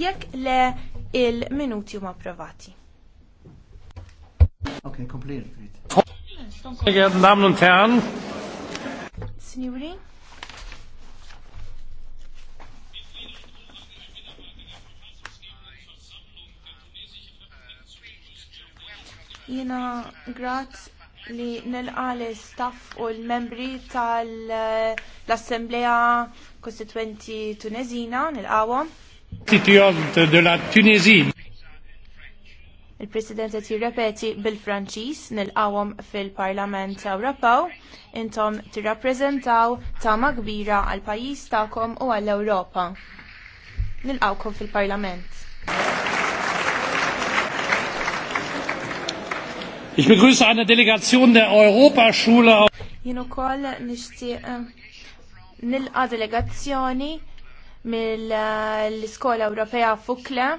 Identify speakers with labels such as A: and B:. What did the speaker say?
A: jekk le il-minuti huma approvati.
B: Ok, komplir.
C: Signori.
A: li nil staff u l-membri tal-Assemblea Kostituenti Tunezina nilqawhom.
D: Constituante de la Tunisie.
A: Il-President qed jirrepeti bil-Franċiż nilqawhom fil-Parlament Ewropew intom tirrappreżentaw tama kbira għal pajjiż tagħkom u għall ewropa Nilqawkom fil-Parlament.
E: Ich begrüße eine Delegation der Europaschule.
A: Jien ukoll nixtieq eh, nilqa' delegazzjoni mill-Iskola Ewropea Fukla.